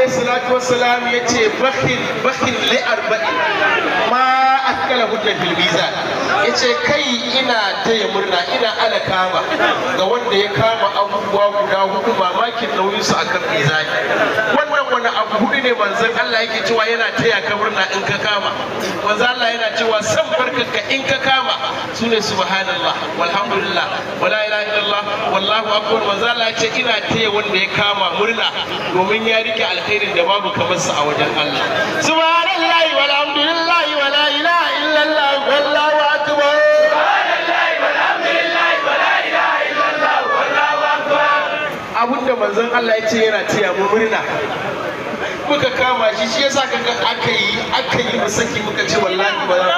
alaihi salatu wassalam ya ce bakin bakin li ma akala hudda ya ce kai ina taya murna ina ala kama ga wanda ya kama abubuwa guda hudu mamakin nauyin su akan mizani wannan wani abu hudu ne manzon Allah yake cewa yana taya ka murna in ka kama manzon Allah yana cewa san barkanka in ka kama sune subhanallah walhamdulillah wala wallahu akbar manzo ya ce ina taya wanda ya kama murna domin ya rike alkhairin da babu kamar sa a wajen Allah subhanallahi walhamdulillahi wala ilaha illallah wallahu akbar abun da manzon Allah ya ce yana taya mu murna muka kama shi shi yasa kaga aka yi aka yi musaki muka ce wallahi ba